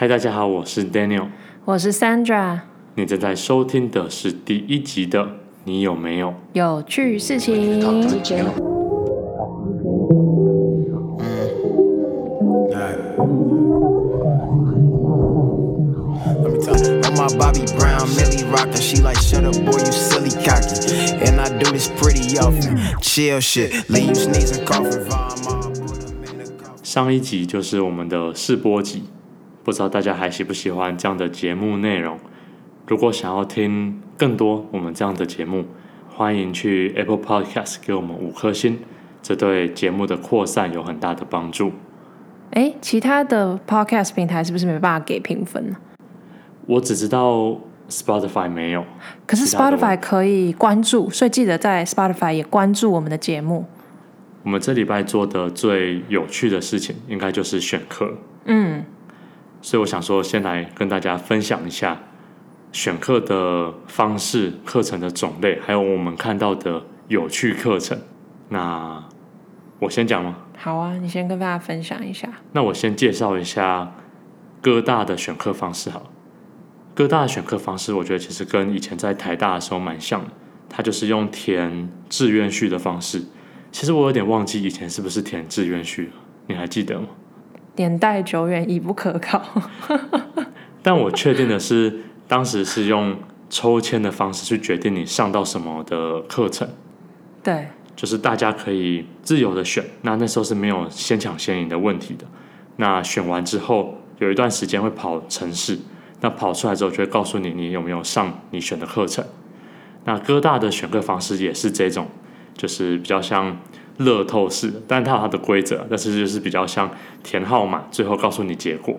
嗨，大家好，我是 Daniel，我是 Sandra，你正在收聽的是第一集的《你有沒有有趣事情》。上一集就是我們的試播集。不知道大家還喜不喜歡這樣的節目內容？如果想要聽更多我們這樣的節目，歡迎去 Apple Podcast 給我們五顆星，這對節目的擴散有很大的幫助。哎，其他的 Podcast 平台是不是沒辦法給評分呢？我只知道 Spotify 沒有，可是 Spotify 可以關注，所以記得在 Spotify 也關注我們的節目。我們這禮拜做的最有趣的事情，應該就是選課。嗯。所以我想說，先來跟大家分享一下選課的方式、課程的種類，還有我們看到的有趣課程。那我先講嗎？好啊，你先跟大家分享一下。那我先介紹一下哥大的選課方式好了。好，哥大的選課方式，我覺得其實跟以前在台大的時候蠻像的，它就是用填志願序的方式。其實我有點忘記以前是不是填志願序了，你還記得嗎？年代久遠已不可靠，但我確定的是，當時是用抽籤的方式去決定你上到什麼的課程。對，就是大家可以自由的選。那那時候是沒有先搶先贏的問題的。那選完之後，有一段時間會跑程式，那跑出來之後就會告訴你你有沒有上你選的課程。那哥大的選課方式也是這種，就是比較像。樂透式，但它有它的規則，但是就是比較像填號碼，最後告訴你結果。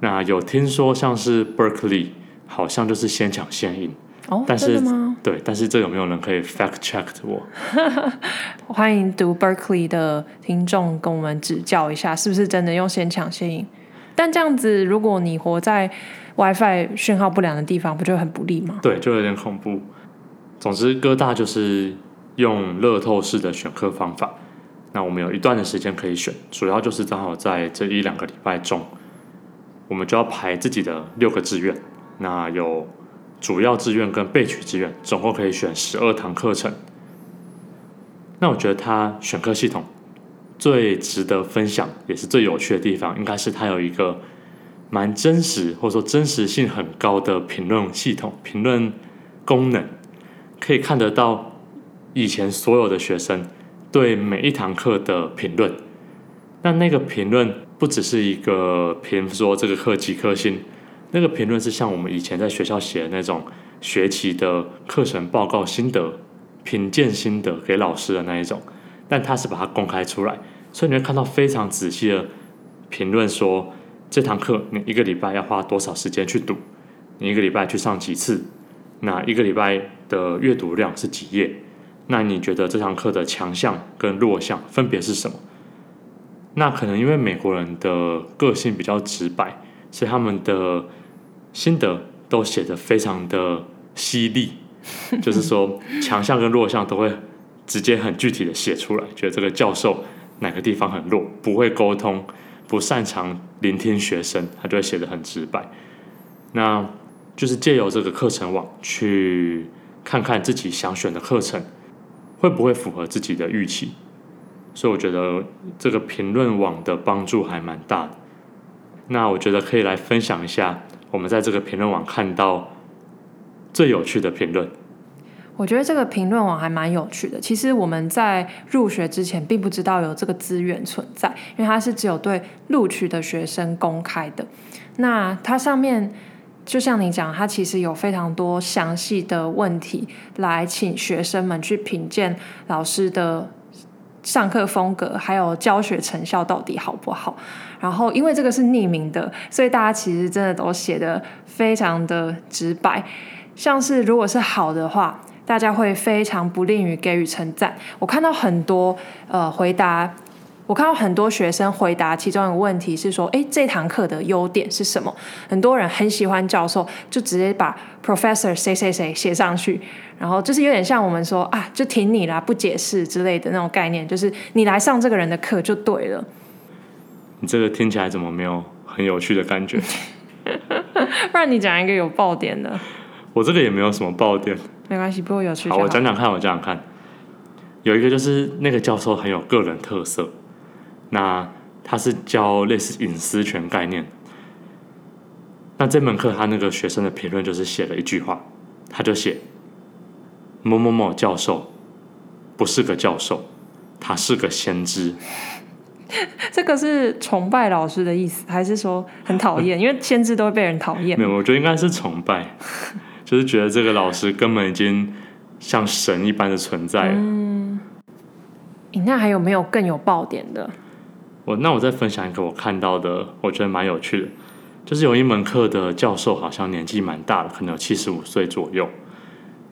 那有聽說像是 Berkeley，好像就是先搶先贏哦，但是嗎？對，但是這有沒有人可以 fact check 我？ 歡迎讀 Berkeley 的聽眾跟我們指教一下，是不是真的用先搶先贏？但這樣子，如果你活在 WiFi 訊號不良的地方，不就很不利嗎？對，就有點恐怖。總之，哥大就是。用樂透式的選課方法，那我們有一段的時間可以選，主要就是剛好在這一兩個禮拜中，我們就要排自己的六個志願。那有主要志願跟備取志願，總共可以選十二堂課程。那我覺得他選課系統最值得分享，也是最有趣的地方，應該是它有一個蠻真實，或者說真實性很高的評論系統、評論功能，可以看得到，以前所有的學生對每一堂課的評論，但那，那個評論不只是一個評說這個課幾顆星，那個評論是像我們以前在學校寫的那種學期的課程報告心得、評鑑心得給老師的那一種，但他是把它公開出來，所以你會看到非常仔細的評論說，說這堂課你一個禮拜要花多少時間去讀，你一個禮拜去上幾次，那一個禮拜的閱讀量是幾頁。那你覺得這堂課的強項跟弱項分別是什麼？那可能因為美國人的個性比較直白，所以他們的心得都寫的非常的犀利，就是說強項跟弱項都會直接很具體的寫出來。覺得這個教授哪個地方很弱，不會溝通，不擅長聆聽學生，他就會寫的很直白。那就是借由這個課程網去看看自己想選的課程。會不會符合自己的預期？所以我覺得這個評論網的幫助還蠻大的。那我覺得可以來分享一下我們在這個評論網看到最有趣的評論。我覺得這個評論網還蠻有趣的。其實我們在入學之前並不知道有這個資源存在，因為它是只有對錄取的學生公開的。那它上面。就像你講，他其實有非常多詳細的問題來請學生們去評鑑老師的上課風格，還有教學成效到底好不好。然後，因為這個是匿名的，所以大家其實真的都寫得非常的直白。像是如果是好的話，大家會非常不吝於給予稱讚。我看到很多呃回答，我看到很多學生回答，其中一個問題是說：“哎、欸，這堂課的優點是什麼？”很多人很喜歡教授，就直接把 Professor 誰誰誰寫上去，然後就是有點像我們說啊，就挺你啦，不解釋之類的那種概念，就是你來上這個人的課就對了。你這個聽起來怎麼沒有很有趣的感覺？不 然你講一個有爆點的。 我這個也沒有什麼爆點。沒關係，不過有趣好，好，我講講看，我講講看。有一個就是那個教授很有個人特色。那他是教類似隱私權概念，那這門課他那個學生的評論就是寫了一句話，他就寫某某某教授不是個教授，他是個先知。這個是崇拜老師的意思，還是說很討厭？因為先知都會被人討厭。 沒有，我覺得應該是崇拜，就是覺得這個老師根本已經像神一般的存在了。嗯，你那還有沒有更有爆點的？我那我再分享一個我看到的，我覺得蠻有趣的，就是有一門課的教授好像年紀蠻大了，可能有七十五歲左右。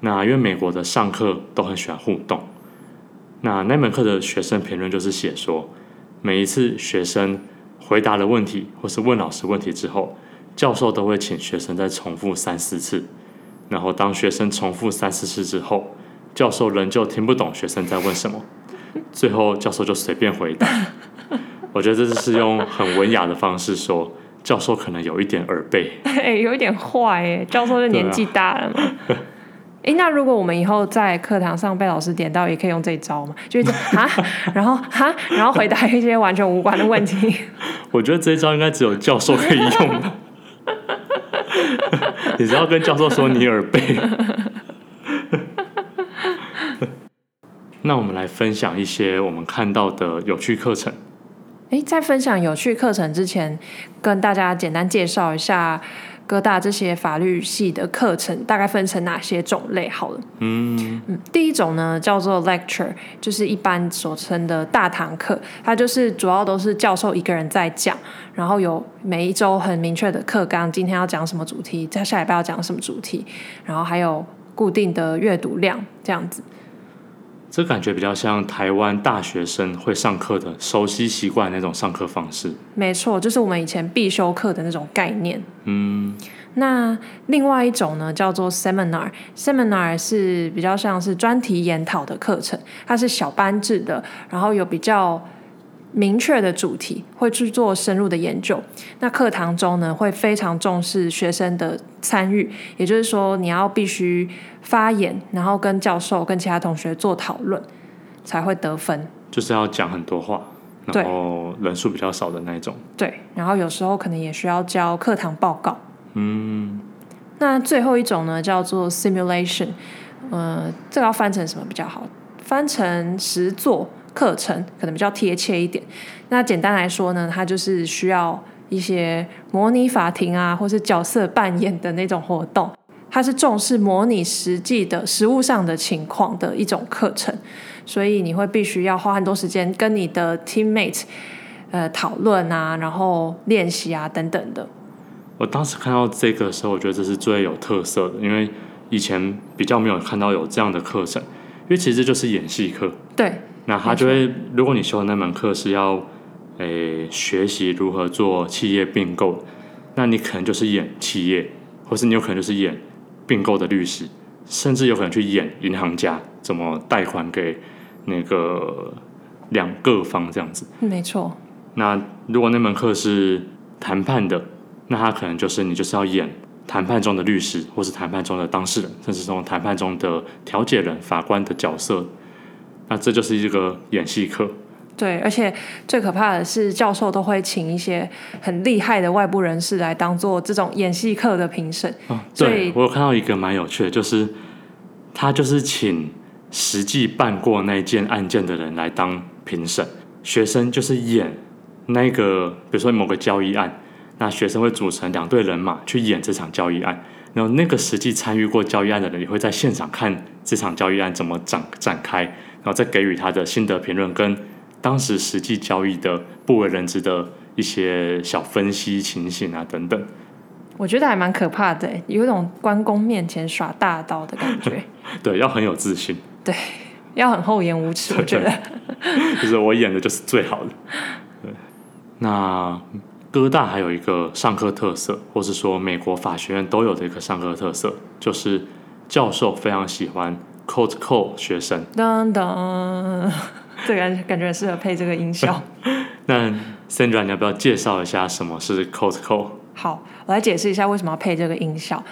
那因為美國的上課都很喜歡互動，那那門課的學生評論就是寫說，每一次學生回答了問題或是問老師問題之後，教授都會請學生再重複三四次。然後當學生重複三四次之後，教授仍舊聽不懂學生在問什麼，最後教授就隨便回答。 我覺得這是用很文雅的方式說，教授可能有一點耳背，欸、有一點壞哎、欸，教授是年紀大了嘛、啊欸。那如果我們以後在課堂上被老師點到，也可以用這一招嘛，就是這啊，然後啊，然後回答一些完全無關的問題。 我覺得這一招應該只有教授可以用。你 只要跟教授說你耳背。 那我們來分享一些我們看到的有趣課程。誒，在分享有趣課程之前，跟大家簡單介紹一下哥大這些法律系的課程大概分成哪些種類。好了嗯，嗯，第一種呢叫做 lecture，就是一般所稱的大堂課，它就是主要都是教授一個人在講，然後有每一周很明確的課綱，今天要講什麼主題，在下一步要講什麼主題，然後還有固定的閱讀量這樣子。這感覺比較像台灣大學生會上課的熟悉習慣那種上課方式。沒錯，就是我們以前必修課的那種概念。嗯，那另外一種呢，叫做 seminar。seminar 是比較像是專題研討的課程，它是小班制的，然後有比較明確的主題，會去做深入的研究。那課堂中呢，會非常重視學生的參與，也就是說，你要必須發言，然後跟教授、跟其他同學做討論，才會得分。就是要講很多話，然後人數比較少的那種對。對，然後有時候可能也需要交課堂報告。嗯，那最後一種呢，叫做 simulation。嗯、呃，這個要翻成什麼比較好？翻成實作。課程可能比較貼切一點。那簡單來說呢，它就是需要一些模擬法庭啊，或是角色扮演的那種活動。它是重視模擬實際的實務上的情況的一種課程，所以你會必須要花很多時間跟你的 teammate 呃討論啊，然後練習啊等等的。我當時看到這個的時候，我覺得這是最有特色的，因為以前比較沒有看到有這樣的課程，因為其實就是演戲課。對。那他就會，如果你修的那門課是要，誒、欸，學習如何做企業併購，那你可能就是演企業，或是你有可能就是演併購的律師，甚至有可能去演銀行家，怎麼貸款給那個兩個方這樣子。沒錯。那如果那門課是談判的，那他可能就是你就是要演談判中的律師，或是談判中的當事人，甚至從談判中的調解人、法官的角色。那這就是一個演戲課，對，而且最可怕的是，教授都會請一些很厲害的外部人士來當做這種演戲課的評審。哦，對，我有看到一個蠻有趣的，就是他就是請實際辦過那件案件的人來當評審，學生就是演那個，比如說某個交易案，那學生會組成兩隊人馬去演這場交易案，然後那個實際參與過交易案的人也會在現場看這場交易案怎麼展展開。然後再給予他的心得評論，跟當時實際交易的不為人知的一些小分析情形啊，等等。我覺得還蠻可怕的，有一種關公面前耍大刀的感覺。 對，要很有自信。對，要很厚顏無恥，我覺得。 就是我演的就是最好的。對。那哥大還有一個上課特色，或是說美國法學院都有的一個上課特色，就是教授非常喜歡。cold call 學生，噔噔，這個感覺很適合配這個音效。 那 Sandra，你要不要介紹一下什麼是 cold call？好，我來解釋一下為什麼要配這個音效。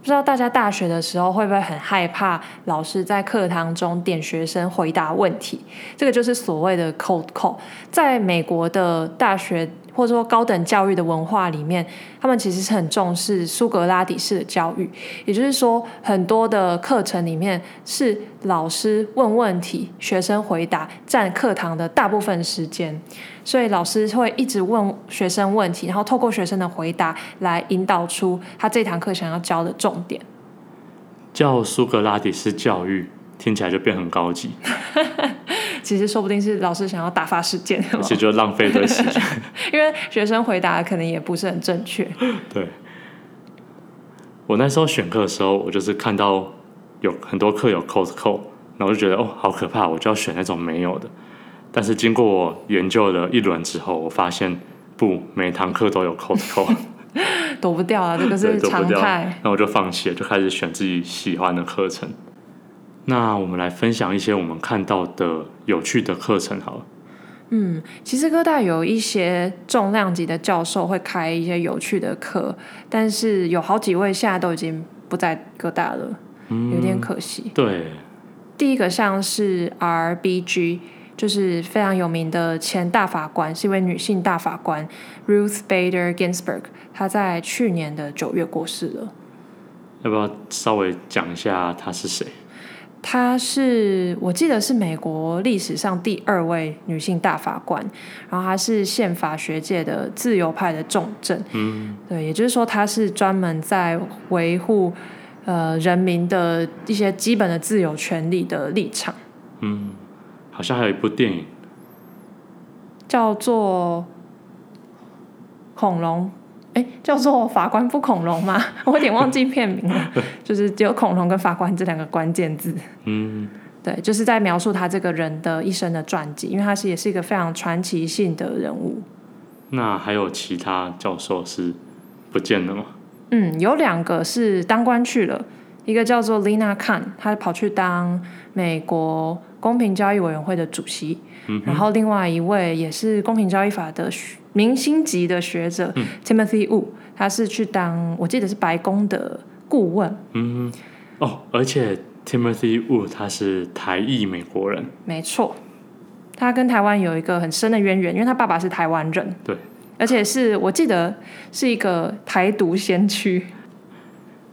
不知道大家大學的時候會不會很害怕老師在課堂中點學生回答問題？這個就是所謂的 cold call。在美國的大學。或者說高等教育的文化裡面，他們其實是很重視蘇格拉底式的教育，也就是說，很多的課程裡面是老師問問題，學生回答占課堂的大部分時間，所以老師會一直問學生問題，然後透過學生的回答來引導出他這堂課想要教的重點。叫蘇格拉底式教育，聽起來就變得很高級。 其實說不定是老師想要打發時間，而且就浪費的時間， 因為學生回答可能也不是很正確。 對，我那時候選課的時候，我就是看到有很多課有 cold call，然後就覺得哦好可怕，我就要選那種沒有的。但是經過我研究了一輪之後，我發現不，每一堂課都有 cold call， 躲不掉了，這個是常態。那我就放棄了，就開始選自己喜歡的課程。那我們來分享一些我們看到的有趣的課程好了。嗯，其實哥大有一些重量級的教授會開一些有趣的課，但是有好幾位現在都已經不在哥大了，有點可惜。嗯，對，第一個像是 RBG，就是非常有名的前大法官，是一位女性大法官 Ruth Bader Ginsburg，她在去年的九月過世了。要不要稍微講一下她是誰？她是，我記得是美國歷史上第二位女性大法官，然後她是憲法學界的自由派的重鎮，嗯，對，也就是說她是專門在維護呃人民的一些基本的自由權利的立場。嗯，好像還有一部電影叫做《恐龍》。哎、欸，叫做法官不恐龍嗎？我有點忘記片名了， 就是只有恐龍跟法官這兩個關鍵字。嗯，對，就是在描述他這個人的一生的傳記，因為他是也是一個非常傳奇性的人物。那還有其他教授是不見了嗎？嗯，有兩個是當官去了，一個叫做 Lina Khan，他跑去當美國公平交易委員會的主席。嗯，然後另外一位也是公平交易法的，的明星級的學者 Timothy Wu，嗯，他是去當我記得是白宮的顧問。嗯，哦，而且 Timothy Wu 他是台裔美國人，沒錯，他跟台灣有一個很深的淵源，因為他爸爸是台灣人。對，而且是我記得是一個台獨先驅。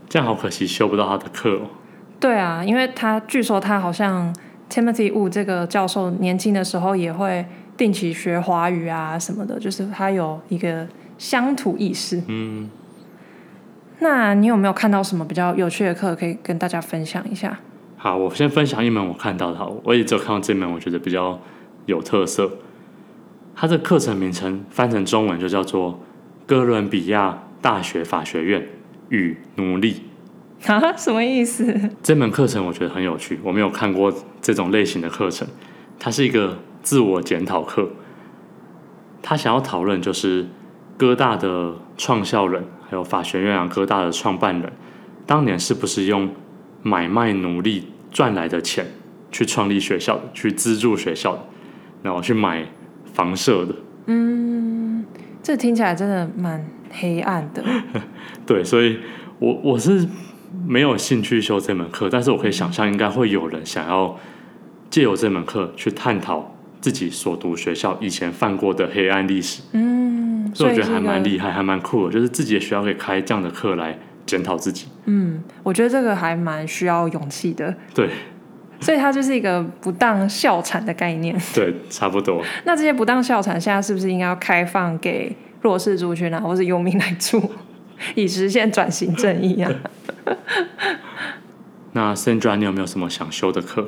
這樣好可惜，修不到他的課哦。對啊，因為他據說他好像 Timothy Wu 這個教授年輕的時候也會。定期學華語啊什麼的，就是他有一個鄉土意識。嗯，那你有沒有看到什麼比較有趣的課可以跟大家分享一下？好，我先分享一門我看到的好，我一直有看到這門，我覺得比較有特色。它的課程名稱翻成中文就叫做哥倫比亞大學法學院與奴隸。啊，什麼意思？這門課程我覺得很有趣，我沒有看過這種類型的課程，它是一個。自我檢討課，他想要討論就是哥大的創校人，還有法學院啊、哥大的創辦人，當年是不是用買賣奴隸賺來的錢去創立學校，去資助學校，然後去買房舍的？嗯，這聽起來真的蠻黑暗的。 對，所以我我是沒有興趣修這門課，但是我可以想象應該會有人想要借由這門課去探討。自己所讀學校以前犯過的黑暗歷史，嗯、所、這個，所以我覺得還蠻厲害，還蠻酷的。就是自己的學校可以開這樣的課來檢討自己，嗯，我覺得這個還蠻需要勇氣的。對，所以它就是一個不當校產的概念。對，差不多。那這些不當校產現在是不是應該要開放給弱勢族群啊，或是遊民來住，以實現轉型正義啊？ 那 Sandra 你有沒有什麼想修的課？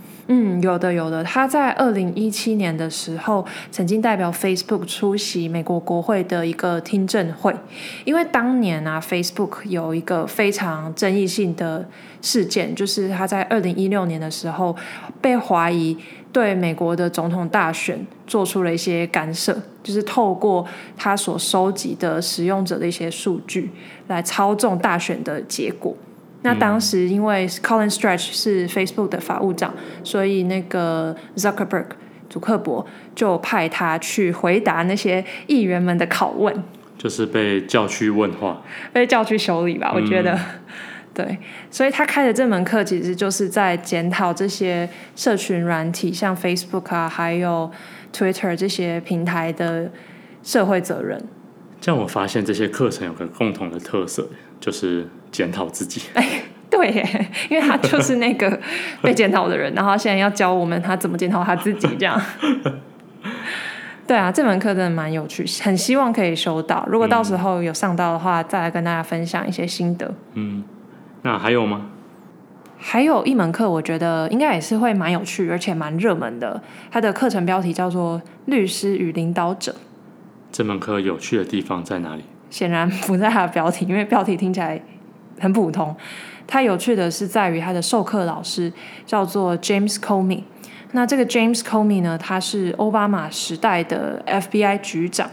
嗯，有的，有的。他在二零一七年的時候，曾經代表 Facebook 出席美國國會的一個聽證會，因為當年啊，Facebook 有一個非常爭議性的事件，就是他在二零一六年的時候被懷疑對美國的總統大選做出了一些干涉，就是透過他所收集的使用者的一些數據來操縱大選的結果。那當時因為 Colin Stretch 是 Facebook 的法務長，所以那個 Zuckerberg 祖克伯就派他去回答那些議員們的拷問，就是被叫去問話，被叫去修理吧。我覺得，嗯、對，所以他開的這門課其實就是在檢討這些社群軟體，像 Facebook 啊，還有 Twitter 這些平台的社會責任。這樣我發現這些課程有個共同的特色，就是。檢討自己。哎，對耶，因為他就是那個被檢討的人， 然後現在要教我們他怎麼檢討他自己，這樣。對啊，這門課真的蠻有趣，很希望可以收到。如果到時候有上到的話、嗯，再來跟大家分享一些心得。嗯，那還有嗎？還有一門課，我覺得應該也是會蠻有趣，而且蠻熱門的。它的課程標題叫做《律師與領導者》。這門課有趣的地方在哪裡？顯然不在它的標題，因為標題聽起來，很普通，它有趣的是在於它的授課老師叫做 James Comey。那這個 James Comey 呢，他是歐巴馬時代的 FBI 局長，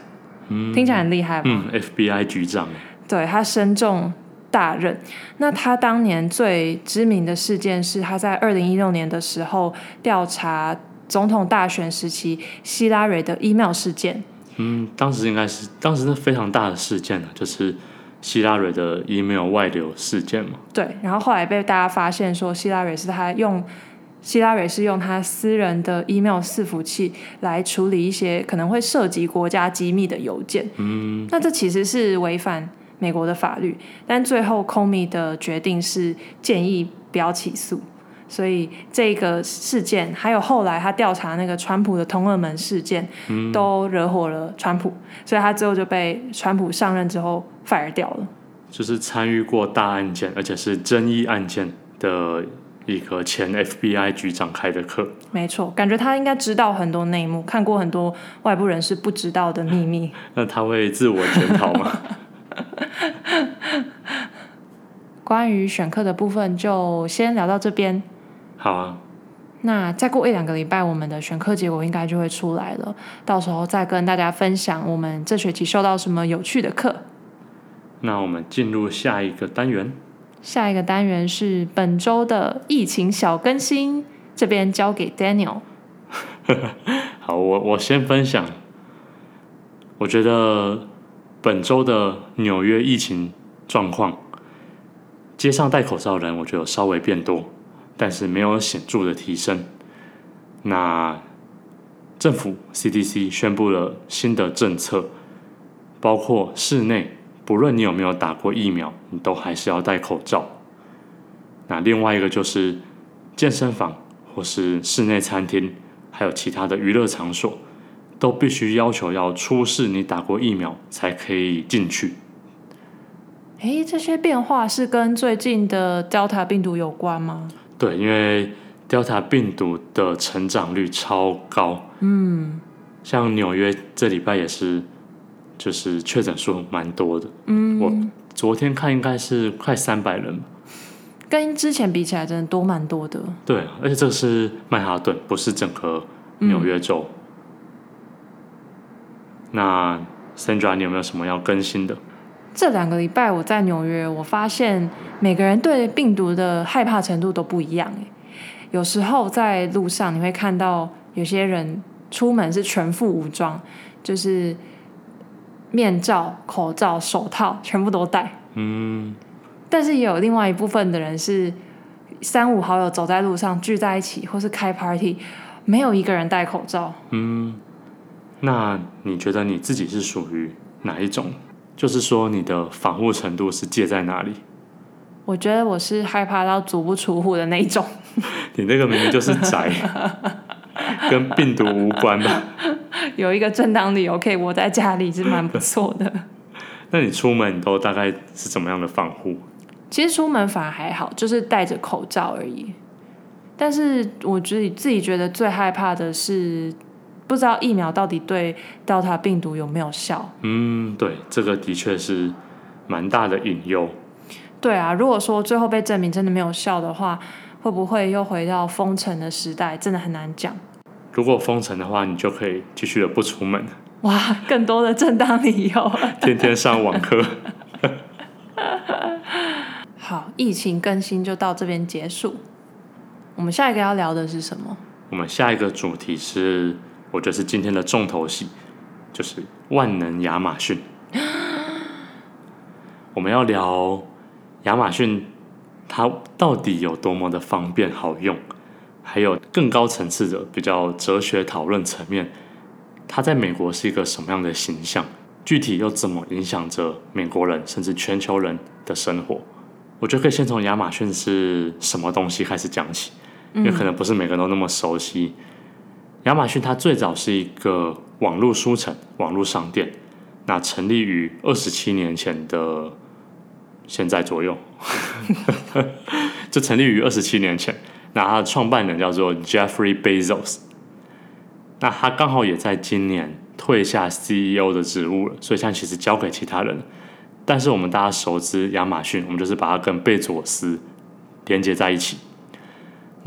嗯、聽起來很厲害吧？嗯，FBI 局長。對他身重大任。那他當年最知名的事件是他在二零一六年的時候調查總統大選時期希拉蕊的 email 事件。嗯，當時應該是當時是非常大的事件了、啊，就是。希拉瑞的 email 外流事件嗎？對，然後後來被大家發現說，希，希拉瑞是他用希拉瑞是用他私人的 email 伺服器來處理一些可能會涉及國家機密的郵件。嗯，那這其實是違反美國的法律，但最後 Comey 的決定是建議不要起訴。所以這個事件，還有後來他調查那個川普的通俄門事件、嗯，都惹火了川普，所以他之後就被川普上任之後 fire 掉了。就是參與過大案件，而且是爭議案件的一個前 FBI 局長開的課，沒錯，感覺他應該知道很多內幕，看過很多外部人士不知道的秘密。 那他會自我檢討嗎？ 關於選課的部分，就先聊到這邊。好啊，那再過一兩個禮拜，我們的選課結果應該就會出來了。到時候再跟大家分享我們這學期修到什麼有趣的課。那我們進入下一個單元。下一個單元是本週的疫情小更新，這邊交給 Daniel。 好，我我先分享。我覺得本週的紐約疫情狀況，街上戴口罩的人我覺得有稍微變多，但是沒有顯著的提升。那政府 CDC 宣布了新的政策，包括室內，不論你有沒有打過疫苗，你都還是要戴口罩。那另外一個就是健身房或是室內餐廳，還有其他的娛樂場所，都必須要求要出示你打過疫苗才可以進去。誒、欸，這些變化是跟最近的 Delta 病毒有關嗎？對，因為 Delta 病毒的成長率超高，嗯，像紐約這禮拜也是，就是確診數蠻多的，嗯，我昨天看應該是快三百人，跟之前比起來真的多蠻多的，對，而且這是曼哈頓，不是整個紐約州。嗯、那 Sandra，你有沒有什麼要更新的？這兩個禮拜我在紐約，我發現每個人對病毒的害怕程度都不一樣。有時候在路上你會看到有些人出門是全副武裝，就是面罩、口罩、手套全部都戴。嗯。但是也有另外一部分的人是三五好友走在路上聚在一起，或是開 party，沒有一個人戴口罩。嗯，那你覺得你自己是屬於哪一種？就是說，你的防護程度是介在哪裡？我覺得我是害怕到足不出戶的那種 。你那個明明就是宅， 跟病毒無關吧 有一個正當理由可以窩在家裡是蠻不錯的。 那你出門你都大概是怎麼樣的防護？其實出門反而還好，就是戴着口罩而已。但是我覺得自己覺得最害怕的是。不知道疫苗到底對 Delta 病毒有沒有效？嗯，對，這個的確是蠻大的隱憂。對啊，如果說最後被證明真的沒有效的話，會不會又回到封城的時代？真的很難講。如果封城的話，你就可以繼續的不出門。哇，更多的正當理由， 天天上網課 。 好，疫情更新就到這邊結束。我們下一個要聊的是什麼？我們下一個主題是。我覺得是今天的重頭戲，就是萬能亞馬遜。 我們要聊亞馬遜，它到底有多麼的方便好用，還有更高層次的比較哲學討論層面，它在美國是一個什麼樣的形象，具體又怎麼影響着美國人甚至全球人的生活？我覺得可以先從亞馬遜是什麼東西開始講起，因為可能不是每個人都那麼熟悉。嗯亞馬遜它最早是一個網絡書城、網絡商店，那成立於二十七年前的，現在左右， 就成立於二十七年前。那它的創辦人叫做 Jeffrey Bezos，那他剛好也在今年退下 CEO 的職務了，所以現在其實交給其他人。但是我們大家熟知亞馬遜，我們就是把它跟貝佐斯連接在一起。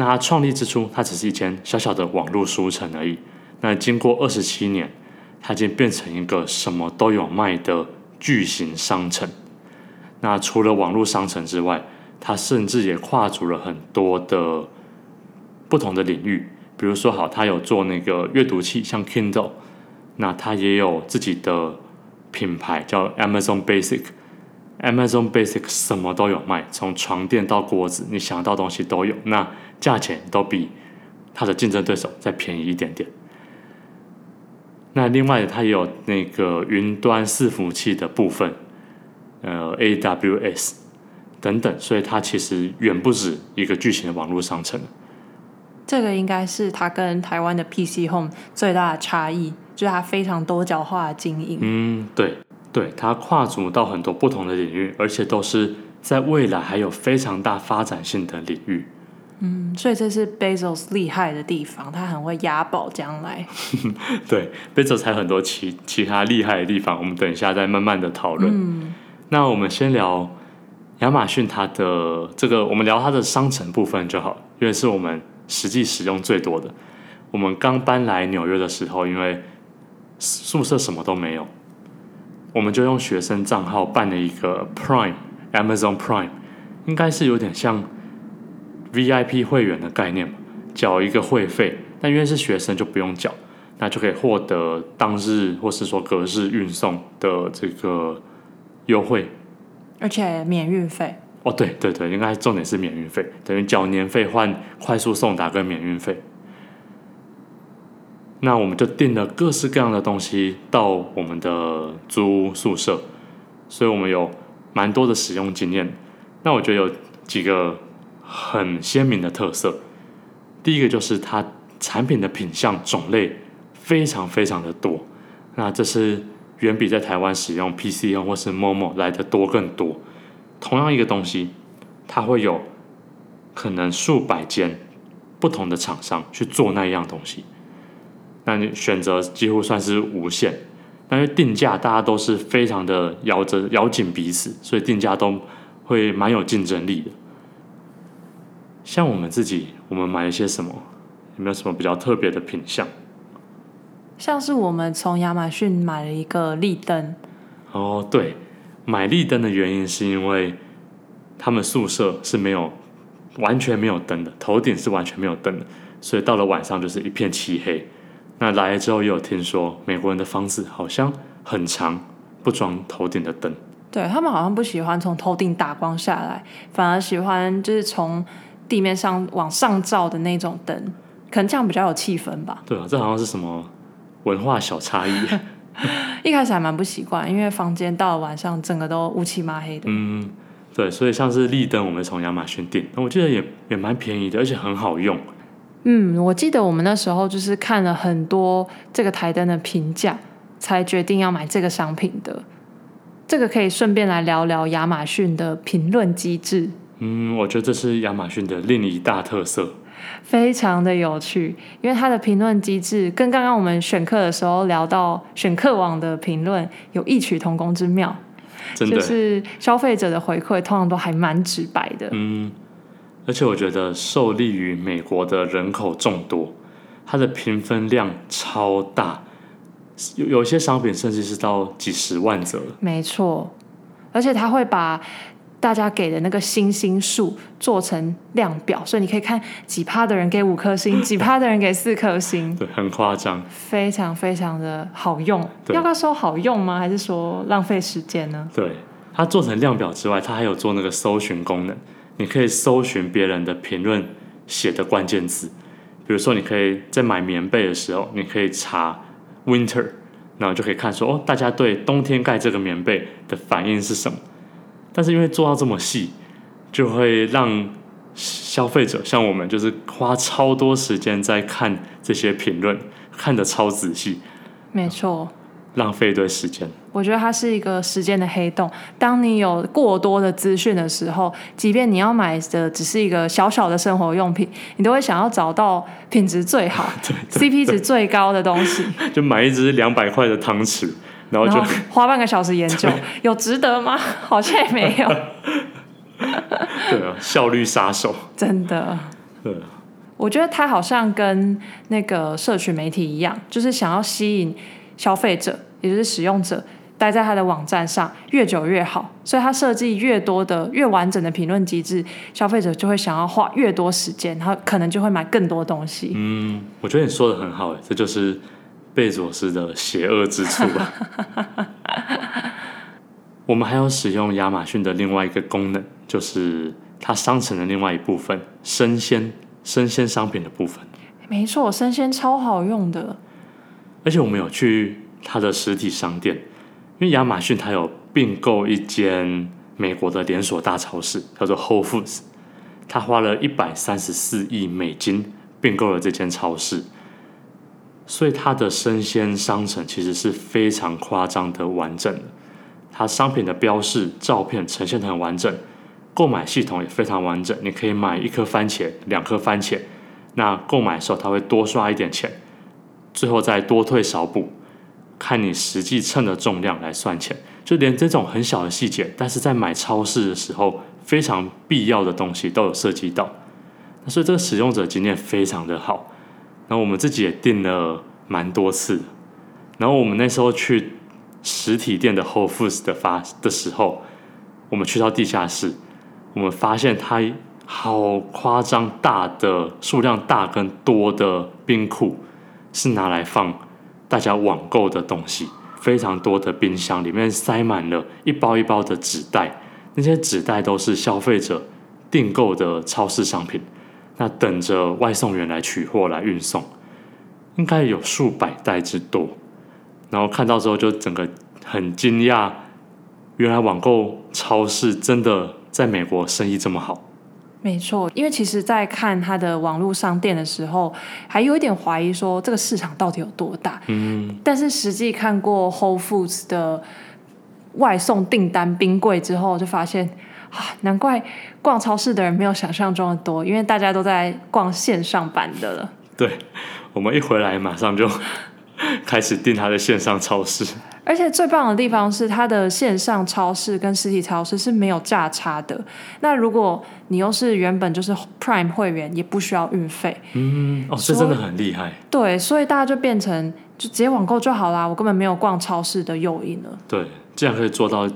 那它創立之初，它只是一間小小的網絡書城而已。那經過二十七年，它已經變成一個什麼都有賣的巨型商城。那除了網絡商城之外，它甚至也跨足了很多的不同的領域，比如說，好，它有做那個閱讀器，像 Kindle。那它也有自己的品牌叫 Amazon Basic。Amazon Basic 什麼都有賣，從床墊到鍋子，你想到的東西都有。那價錢都比它的競爭對手再便宜一點點。那另外，它也有那個雲端伺服器的部分，呃，AWS 等等，所以它其實遠不止一個巨型的網絡商城。這個應該是它跟台灣的 PC Home 最大的差異，就是它非常多角化的經營。嗯，對，對，它跨足到很多不同的領域，而且都是在未來還有非常大發展性的領域。嗯，所以這是 Bezos 厲害的地方，他很會押寶將來。呵呵，對，Bezos 還有很多其其他厲害的地方，我們等一下再慢慢的討論。嗯。那我們先聊亞馬遜它的這個，我們聊它的商城部分就好，因為是我們實際使用最多的。我們剛搬來紐約的時候，因為宿舍什麼都沒有，我們就用學生賬號辦了一個 Prime，Amazon Prime，應該是有點像。VIP 會員的概念嘛，繳一個會費，但因為是學生就不用繳，那就可以獲得當日或是說隔日運送的這個優惠，而且免運費。哦，對對對，應該重點是免運費，等於繳年費換快速送達跟免運費。那我們就訂了各式各樣的東西到我們的租宿舍，所以我們有蠻多的使用經驗。那我覺得有幾個很鮮明的特色，第一個就是它產品的品項種類非常非常的多，那這是遠比在台灣使用 PChome 或是 MOMO 來得多更多。同樣一個東西，它會有可能數百間不同的廠商去做那一樣東西，那你選擇幾乎算是無限。但是定價大家都是非常的咬着咬緊彼此，所以定價都會蠻有競爭力的。像我們自己，我們買了一些什麼？有沒有什麼比較特別的品相？像是我們從亞馬遜買了一個立燈。哦，對，買立燈的原因是因為他們宿舍是沒有完全沒有燈的，頭頂是完全沒有燈的，所以到了晚上就是一片漆黑。那來了之後又有聽說，美國人的房子好像很常，不裝頭頂的燈。對，他們好像不喜歡從頭頂打光下來，反而喜歡就是從。地面上往上照的那種燈，可能這樣比較有氣氛吧。對啊，這好像是什麼文化小差異 。一開始還蠻不習慣，因為房間到了晚上整個都烏漆嘛黑的。嗯，對，所以像是立燈，我們從亞馬遜訂，那我記得也也蠻便宜的，而且很好用。嗯，我記得我們那時候就是看了很多這個台燈的評價，才決定要買這個商品的。這個可以順便來聊聊亞馬遜的評論機制。嗯，我覺得這是亞馬遜的另一大特色，非常的有趣，因為它的評論機制跟剛剛我們選課的時候聊到選課網的評論有異曲同工之妙，真的，就是消費者的回饋通常都還蠻直白的。嗯，而且我覺得受利於美國的人口眾多，它的評分量超大，有有一些商品甚至是到幾十萬則，沒錯，而且他會把。大家給的那個星星數做成量表，所以你可以看幾趴的人給五顆星，幾趴的人給四顆星。 對，很誇張。非常非常的好用。要不要說好用嗎？還是說浪費時間呢？對，它做成量表之外，它還有做那個搜尋功能。你可以搜尋別人的評論寫的關鍵字，比如說，你可以在買棉被的時候，你可以查 winter，然後就可以看說哦，大家對冬天蓋這個棉被的反應是什麼。但是因為做到這麼細，就會讓消費者像我們，就是花超多時間在看這些評論，看得超仔細。沒錯，浪費一堆時間。我覺得它是一個時間的黑洞。當你有過多的資訊的時候，即便你要買的只是一個小小的生活用品，你都會想要找到品質最好、 對對對 CP 值最高的東西。就買一支兩百塊的湯匙。然後就花半個小時研究，有值得嗎？好像也沒有。 對啊，效率殺手。真的。對啊。我覺得他好像跟那個社群媒體一樣，就是想要吸引消費者，也就是使用者，待在他的網站上越久越好。所以他設計越多的、越完整的評論機制，消費者就會想要花越多時間，他可能就會買更多東西。嗯，我覺得你說的很好，欸，這就是。貝佐斯的邪惡之處吧。 我們還要使用亞馬遜的另外一個功能，就是它商城的另外一部分——生鮮、生鮮商品的部分。沒錯，生鮮超好用的。而且我們有去它的實體商店，因為亞馬遜它有併購一間美國的連鎖大超市，叫做 Whole Foods。他花了一百三十四億美金併購了這間超市。所以它的生鮮商城其實是非常誇張的完整的，它商品的標示、照片呈現的很完整，購買系統也非常完整。你可以買一顆番茄、兩顆番茄，那購買的時候它會多刷一點錢，最後再多退少補，看你實際稱的重量來算錢。就連這種很小的細節，但是在買超市的時候非常必要的東西都有涉及到，所以這個使用者經驗非常的好。那我們自己也訂了蠻多次，然後我們那時候去實體店的 Whole Foods 的發的時候，我們去到地下室，我們發現它好誇張大的數量大跟多的冰庫，是拿來放大家網購的東西，非常多的冰箱裡面塞滿了一包一包的紙袋，那些紙袋都是消費者訂購的超市商品。那等着外送員來取貨來運送，應該有數百袋之多。然後看到之後就整個很驚訝，原來網購超市真的在美國生意這麼好。沒錯，因為其實，在看它的網絡商店的時候，還有一點懷疑說這個市場到底有多大。嗯，但是實際看過 Whole Foods 的外送訂單冰櫃之後，就發現。啊，難怪逛超市的人沒有想象中的多，因為大家都在逛線上版的了。對，我們一回來馬上就開始訂他的線上超市。而且最棒的地方是，他的線上超市跟實體超市是沒有價差的。那如果你又是原本就是 Prime 會員，也不需要運費。嗯，哦，這真的很厲害。對，所以大家就變成就直接網購就好啦，我根本沒有逛超市的誘因了。對，這樣可以做到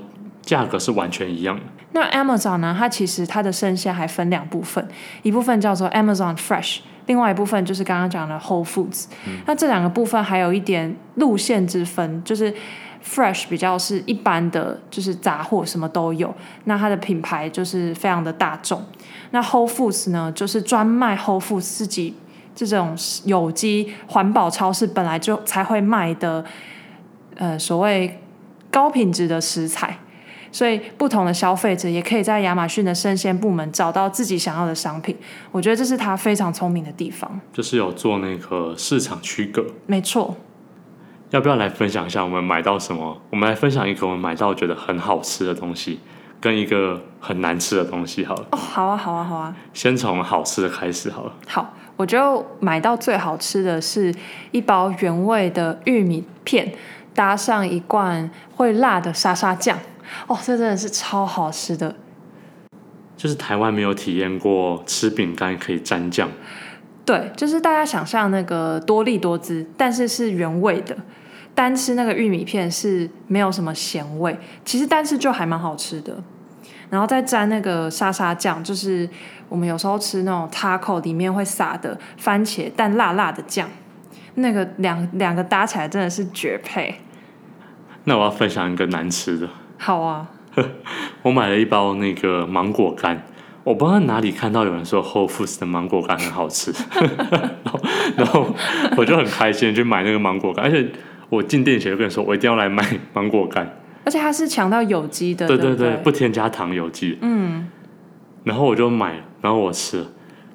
價格是完全一樣的。那 Amazon 呢？它其實它的生鮮還分兩部分，一部分叫做 Amazon Fresh，另外一部分就是剛剛講的 Whole Foods，嗯。那這兩個部分還有一點路線之分，就是 Fresh 比較是一般的，就是雜貨什麼都有，那它的品牌就是非常的大眾。那 Whole Foods 呢，就是專賣 Whole Foods 自己這種有機環保超市本來就才會賣的，呃、所謂高品質的食材。所以，不同的消費者也可以在亞馬遜的生鮮部門找到自己想要的商品。我覺得這是他非常聰明的地方，就是有做那個市場區隔。沒錯。要不要來分享一下我們買到什麼？我們來分享一個我們買到覺得很好吃的東西，跟一個很難吃的東西。好了，哦，好啊，好啊，好啊。先從好吃的開始好了。好，我就買到最好吃的是一包原味的玉米片，搭上一罐會辣的沙沙醬。哦，這真的是超好吃的！就是台灣沒有體驗過吃餅乾可以沾醬。對，就是大家想象那個多力多滋，但是是原味的。單吃那個玉米片是沒有什麼鹹味，其實單吃就還蠻好吃的。然後再沾那個沙沙醬，就是我們有時候吃那種 taco 裡面會撒的番茄，但辣辣的醬，那個兩兩個搭起來真的是絕配。那我要分享一個難吃的。好啊，我買了一包那個芒果乾，我不知道哪裡看到有人說 Whole Foods 的芒果乾很好吃 然，然後我就很開心就去買那個芒果乾，而且我進店前就跟你說我一定要來買芒果乾，而且它是強到有機的對對對，對對對，不添加糖有機，嗯，然後我就買，然後我吃了,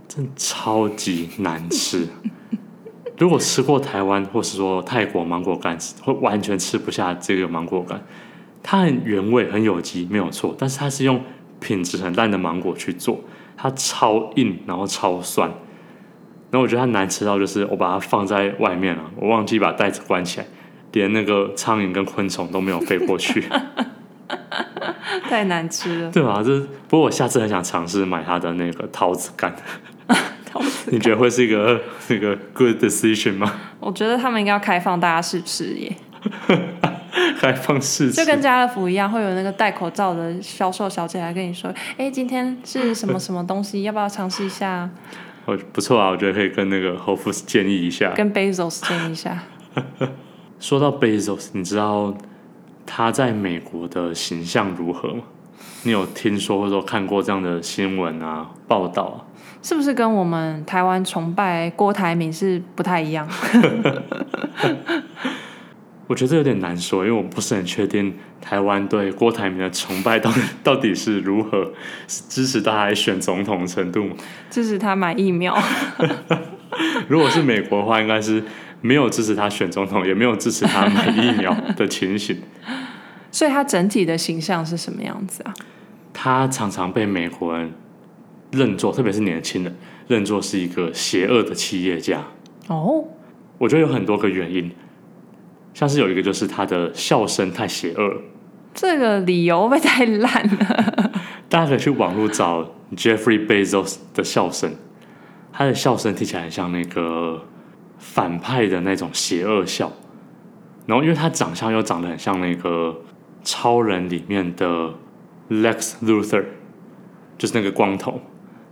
真超級難吃。 如果吃過台灣或是說泰國芒果乾，會完全吃不下這個芒果乾。它很原味，很有機，沒有錯。但是它是用品質很爛的芒果去做，它超硬，然後超酸。那我覺得它難吃到，就是我把它放在外面了，我忘記把袋子關起來，連那個蒼蠅跟昆蟲都沒有飛過去。 太難吃了，對吧？這不過我下次很想嘗試買它的那個桃子乾。 桃子乾。你覺得會是一個那個 good decision 嗎？我覺得他們應該要開放大家試吃耶。 開放式就跟家樂福一樣，會有那個戴口罩的銷售小姐來跟你說：“哎、欸，今天是什麼什麼東西？ 要不要嘗試一下？”哦，不錯啊，我覺得可以跟那個 Whole Foods 建議一下，跟貝索斯建議一下。 說到貝索斯，你知道他在美國的形象如何嗎？你有聽說或者看過這樣的新聞啊報道？是不是跟我們台灣崇拜郭台銘是不太一樣？ 我覺得有點難說，因為我不是很確定台灣對郭台銘的崇拜到到底是如何，支持他來選總統的程度，支持他買疫苗。 如果是美國的話，應該是沒有支持他選總統，也沒有支持他買疫苗的情形。 所以，他整體的形象是什麼樣子啊？他常常被美國人認作，特別是年輕人，認作是一個邪惡的企業家。哦、oh?，我覺得有很多個原因。像是有一個，就是他的笑聲太邪惡這個理由被太爛了 大家可以去網絡找 Jeffrey Bezos 的笑聲，他的笑聲聽起來很像那個反派的那種邪惡笑。然後，因為他長相又長得很像那個超人裡面的 Lex l u t h e r 就是那個光頭，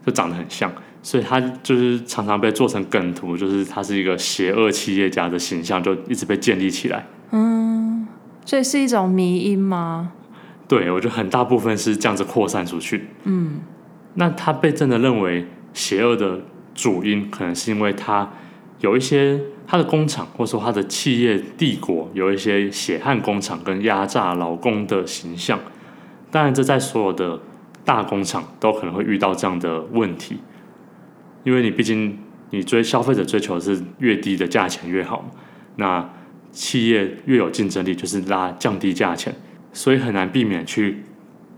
就長得很像。所以他就是常常被做成梗圖，就是他是一個邪惡企業家的形象，就一直被建立起來。嗯，所以是一種迷因嗎？對，我覺得很大部分是這樣子擴散出去。嗯，那他被真的認為邪惡的主因，可能是因為他有一些他的工廠，或者說他的企業帝國有一些血汗工廠跟壓榨勞工的形象。當然，這在所有的大工廠都可能會遇到這樣的問題。因為你畢竟你追消費者追求的是越低的價錢越好嘛，那企業越有競爭力就是拉降低價錢，所以很難避免去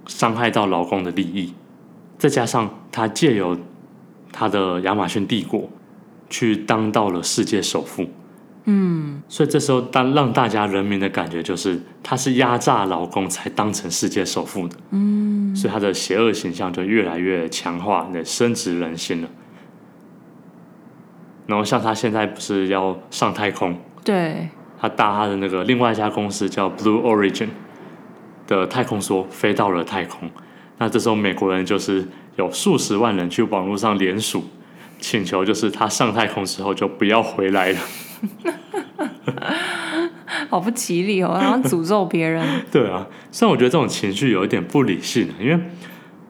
傷害到勞工的利益。再加上他借由他的亞馬遜帝國去當到了世界首富，嗯，所以這時候當讓大家人民的感覺就是他是壓榨勞工才當成世界首富的，嗯，所以他的邪惡形象就越來越強化，那深植人心了。然後像他現在不是要上太空？對，他搭他的那個另外一家公司叫 Blue Origin 的太空梭飛到了太空。那這時候美國人就是有數十萬人去網絡上連署，請求就是他上太空之後就不要回來了。 好不吉利哦，然後詛咒別人。 對啊，雖然我覺得這種情緒有一點不理性啊，因為。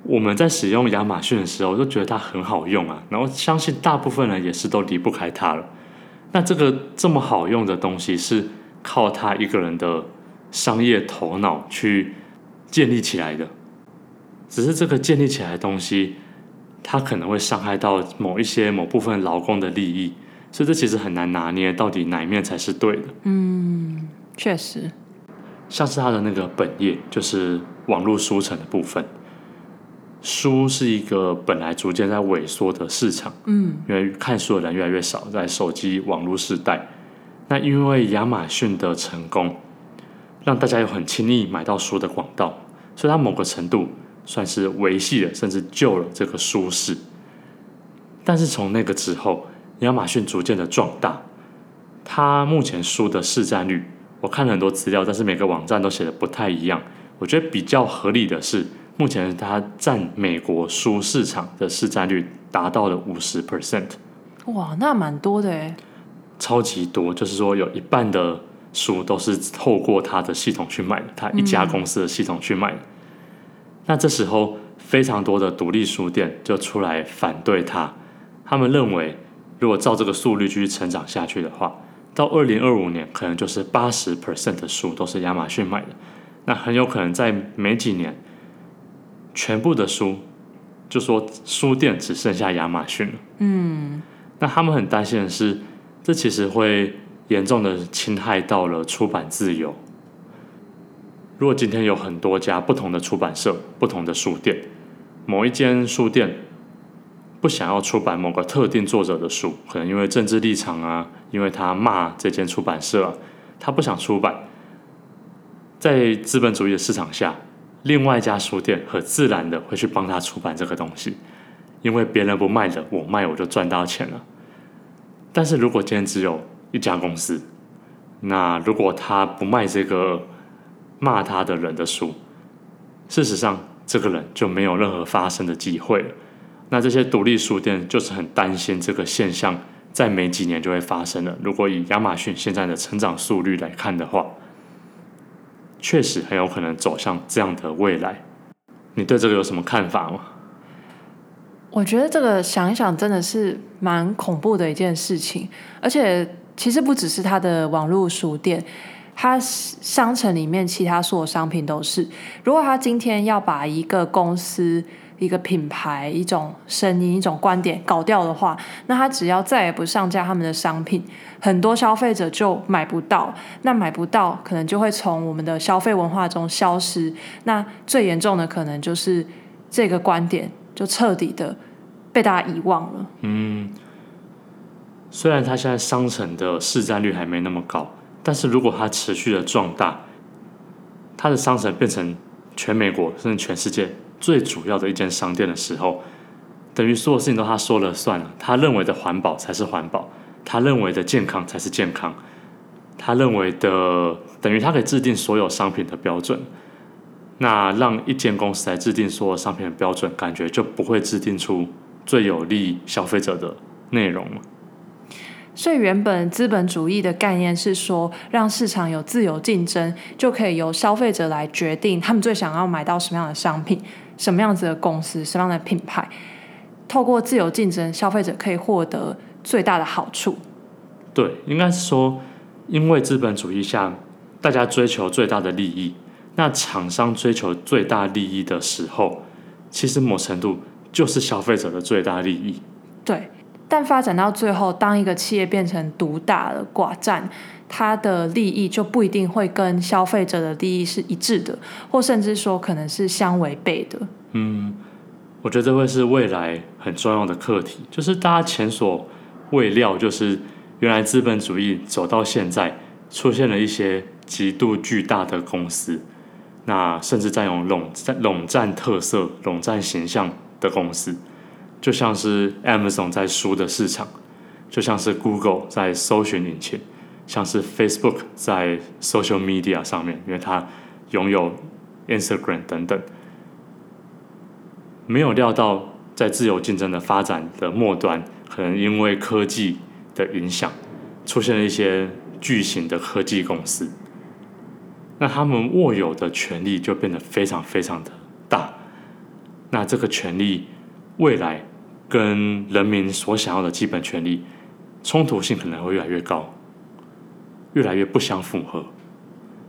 我們在使用亞馬遜的時候，我就覺得它很好用啊，然後相信大部分人也是都離不開它了。那這個這麼好用的東西，是靠他一個人的商業頭腦去建立起來的。只是這個建立起來的東西，它可能會傷害到某一些某部分勞工的利益，所以這其實很難拿捏，到底哪一面才是對的。嗯，確實，像是他的那個本業，就是網絡書城的部分。書是一個本來逐漸在萎縮的市場，嗯，因為看書的人越來越少，在手機網絡時代。那因為亞馬遜的成功，讓大家有很輕易買到書的管道，所以它某個程度算是維繫了，甚至救了這個書市。但是從那個之後，亞馬遜逐漸的壯大，它目前書的市占率，我看了很多資料，但是每個網站都寫的不太一樣，我覺得比較合理的是。目前它佔美國書市場的市佔率達到了五十 percent。哇，那蠻多的誒！超級多。就是說有一半的書都是透過它的系統去賣，它一家公司的系統去賣。那這時候非常多的獨立書店就出來反對它，他們認為如果照這個速率繼續成長下去的話，到二零二五年可能就是八十 percent 的書都是亞馬遜賣的，那很有可能在沒幾年，全部的書，就說書店只剩下亞馬遜了。嗯，那他們很擔心的是，這其實會嚴重的侵害到了出版自由。如果今天有很多家不同的出版社，不同的書店，某一間書店不想要出版某個特定作者的書，可能因為政治立場啊，因為他罵這間出版社啊，他不想出版。在資本主義的市場下，另外一家書店很自然的會去幫他出版這個東西，因為別人不賣的，我賣我就賺到錢了。但是如果今天只有一家公司，那如果他不賣這個罵他的人的書，事實上這個人就沒有任何發聲的機會了。那這些獨立書店就是很擔心這個現象在沒幾年就會發生了。如果以亞馬遜現在的成長速率來看的話。確實很有可能走向這樣的未來，你對這個有什麼看法嗎？我覺得這個想一想真的是蠻恐怖的一件事情，而且其實不只是他的網絡書店，他商城裡面其他所有商品都是。如果他今天要把一個公司、一個品牌、一種聲音、一種觀點搞掉的話，那他只要再也不上架他們的商品。很多消費者就買不到，那買不到，可能就會從我們的消費文化中消失。那最嚴重的可能就是這個觀點就徹底的被大家遺忘了。嗯，雖然它現在商城的市佔率還沒那麼高，但是如果它持續的壯大，它的商城變成全美國甚至全世界最主要的一間商店的時候，等於所有事情都他說了算了，他認為的環保才是環保。他認為的健康才是健康，他認為的等於他可以制定所有商品的標準，那讓一間公司來制定所有商品的標準，感覺就不會制定出最有利消費者的內容了。所以原本資本主義的概念是說，讓市場有自由競爭，就可以由消費者來決定他們最想要買到什麼樣的商品、什麼樣子的公司、什麼樣的品牌。透過自由競爭，消費者可以獲得。最大的好處，對，應該是說，因為資本主義下，大家追求最大的利益，那廠商追求最大利益的時候，其實某程度就是消費者的最大利益。對，但發展到最後，當一個企業變成獨大的寡佔，它的利益就不一定會跟消費者的利益是一致的，或甚至說可能是相違背的。嗯，我覺得會是未來很重要的課題，就是大家前所。未料就是原來資本主義走到現在，出現了一些極度巨大的公司，那甚至佔有壟壟占特色、壟占形象的公司，就像是 Amazon 在書的市場，就像是 Google 在搜尋引擎，像是 Facebook 在 social media 上面，因為它擁有 Instagram 等等。沒有料到在自由競爭的發展的末端。可能因為科技的影響，出現了一些巨型的科技公司，那他們握有的權力就變得非常非常的大。那這個權力未來跟人民所想要的基本權利衝突性可能會越來越高，越來越不相符合。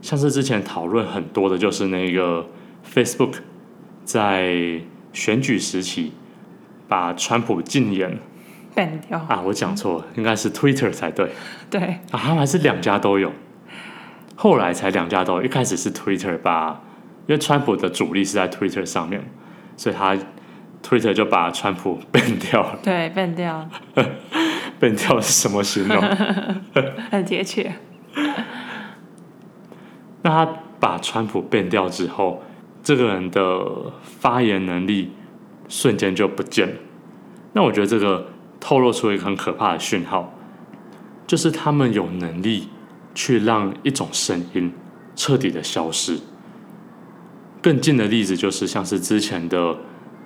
像是之前討論很多的，就是那個 Facebook 在選舉時期把川普禁言。ban 掉啊！我講錯了，嗯，應該是 Twitter 才對。對啊，他們還是兩家都有，後來才兩家都有。一開始是 Twitter 吧，因為川普的主力是在 Twitter 上面，所以他 Twitter 就把川普 ban 掉了。對，ban 掉了。 ban 掉是什麼形容？ 很貼切。 那他把川普 ban 掉之後，這個人的發言能力瞬間就不見了。那我覺得這個。透露出一個很可怕的訊號，就是他們有能力去讓一種聲音徹底的消失。更近的例子就是，像是之前的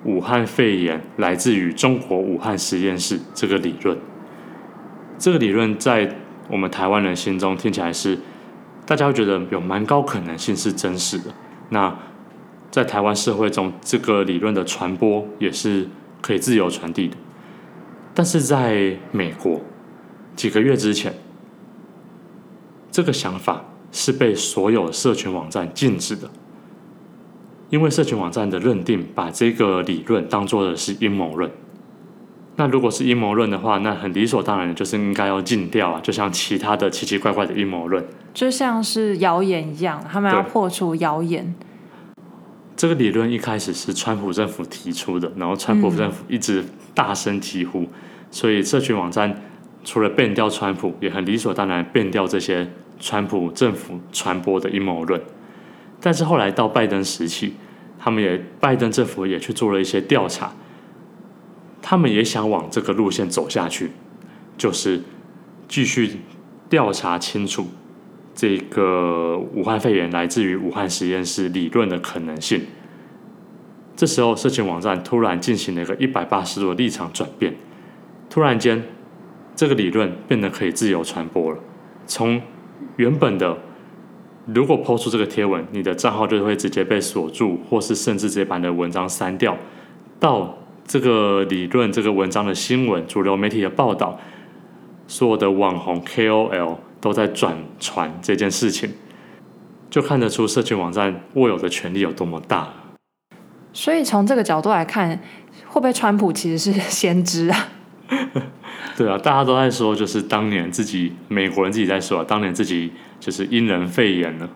武漢肺炎來自於中國武漢實驗室這個理論，這個理論在我們台灣人心中聽起來是大家會覺得有蠻高可能性是真實的。那在台灣社會中，這個理論的傳播也是可以自由傳遞的。但是在美國，幾個月之前，這個想法是被所有社群網站禁止的，因為社群網站的認定把這個理論當做的是陰謀論。那如果是陰謀論的話，那很理所當然的就是應該要禁掉啊，就像其他的奇奇怪怪的陰謀論，就像是謠言一樣，他們要破除謠言。這個理論一開始是川普政府提出的，然後川普政府一直大聲疾呼、嗯，所以社群網站除了變掉川普，也很理所當然變掉這些川普政府傳播的陰謀論。但是後來到拜登時期，他們也拜登政府也去做了一些調查，他們也想往這個路線走下去，就是繼續調查清楚。這個武漢肺炎來自於武漢實驗室理論的可能性。這時候社群網站突然進行了一個一百八十度的立場轉變。突然間這個理論變得可以自由傳播了。從原本的如果拋出這個貼文，你的賬號就會直接被鎖住，或是甚至直接把你的文章刪掉，到這個理論這個文章的新聞、主流媒體的報道，所有的網紅 KOL。都在轉傳這件事情，就看得出社群網站握有的權力有多麼大。所以從這個角度來看，會不會川普其實是先知啊？ 對啊，大家都在說，就是當年自己美國人自己在說，啊，當年自己就是因人肺炎了，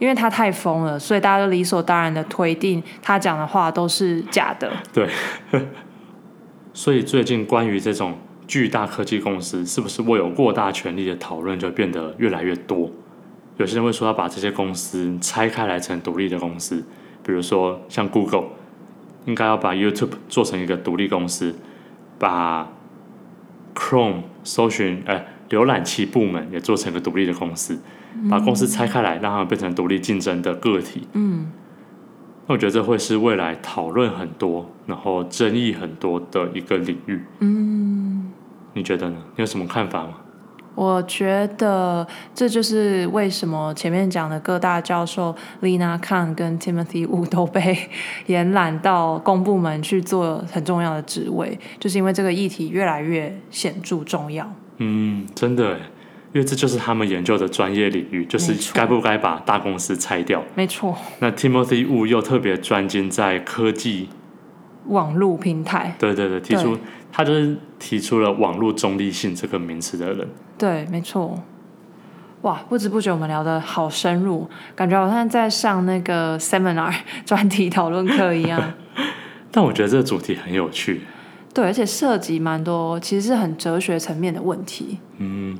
因為他太瘋了，所以大家都理所當然的推定他講的話都是假的。 對。 所以最近關於這種。巨大科技公司是不是握有過大權力的討論就變得越來越多。有些人會說要把這些公司拆開來成獨立的公司，比如說像 Google，應該要把 YouTube 做成一個獨立公司，把 Chrome 搜尋誒、呃、瀏覽器部門也做成一個獨立的公司，把公司拆開來，讓他們變成獨立競爭的個體。嗯，那我覺得這會是未來討論很多，然後爭議很多的一個領域。嗯。你覺得呢？你有什麼看法嗎？我覺得這就是為什麼前面講的哥大教授，Lina Khan 跟 Timothy Wu 都被延攬到公部門去做很重要的職位，就是因為這個議題越來越顯著重要。嗯，真的，因為這就是他們研究的專業領域，就是該不該把大公司拆掉。沒錯。那 Timothy Wu 又特別專精在科技、網路平台。對對對，提出。他就是提出了“網絡中立性”這個名詞的人。對，沒錯。哇，不知不覺我們聊得好深入，感覺好像在上那個 seminar 專題討論課一樣。 但我覺得這個主題很有趣。對，而且涉及蠻多，其實是很哲學層面的問題。嗯，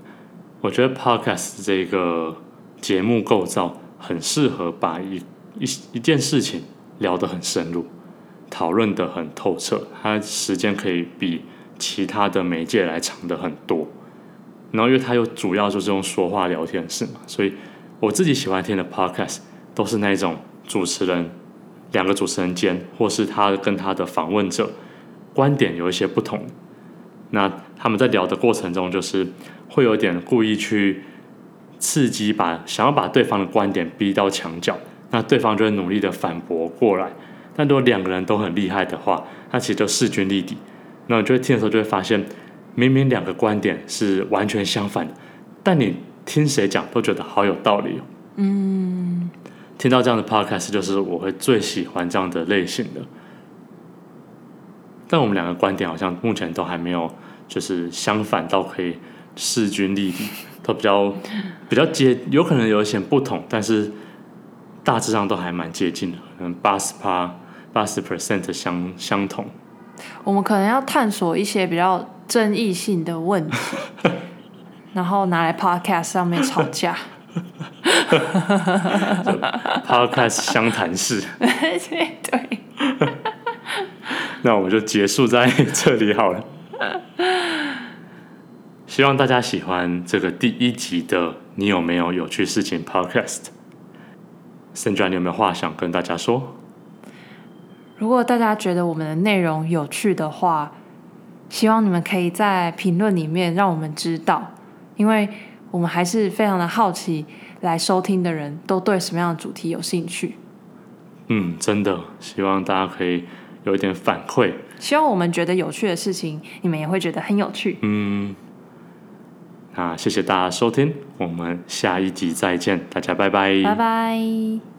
我覺得 Podcast 這個節目構造很適合把一一一件事情聊得很深入。討論的很透徹，他時間可以比其他的媒介來長的很多，然後，因為他又主要就是用說話聊天式嘛，所以我自己喜歡聽的 podcast 都是那種主持人兩個主持人間，或是他跟他的訪問者觀點有一些不同。那他們在聊的過程中，就是會有點故意去刺激，把想要把對方的觀點逼到牆角，那對方就會努力的反駁過來。但如果兩個人都很厲害的話，那其實就勢均力敵。那你就會聽的時候就會發現，明明兩個觀點是完全相反的，但你聽誰講都覺得好有道理哦。嗯，聽到這樣的 podcast 就是我會最喜歡這樣的類型的。但我們兩個觀點好像目前都還沒有就是相反到可以勢均力敵，都比較比較接，有可能有一些不同，但是大致上都還蠻接近的，可能八十趴。八十 percent 相相同。我們可能要探索一些比較爭議性的問題， 然後拿來 podcast 上面吵架。 podcast 相談事，對 那我們就結束在這裡好了。希望大家喜歡這個第一集的你有沒有有趣事情 podcast。盛娟，Sandra, 你有沒有話想跟大家說？如果大家覺得我們的內容有趣的話，希望你們可以在評論裡面讓我們知道，因為我們還是非常的好奇，來收聽的人都對什麼樣的主題有興趣。嗯，真的，希望大家可以有一點反饋。希望我們覺得有趣的事情，你們也會覺得很有趣。嗯，那謝謝大家收聽，我們下一集再見，大家拜拜，拜拜。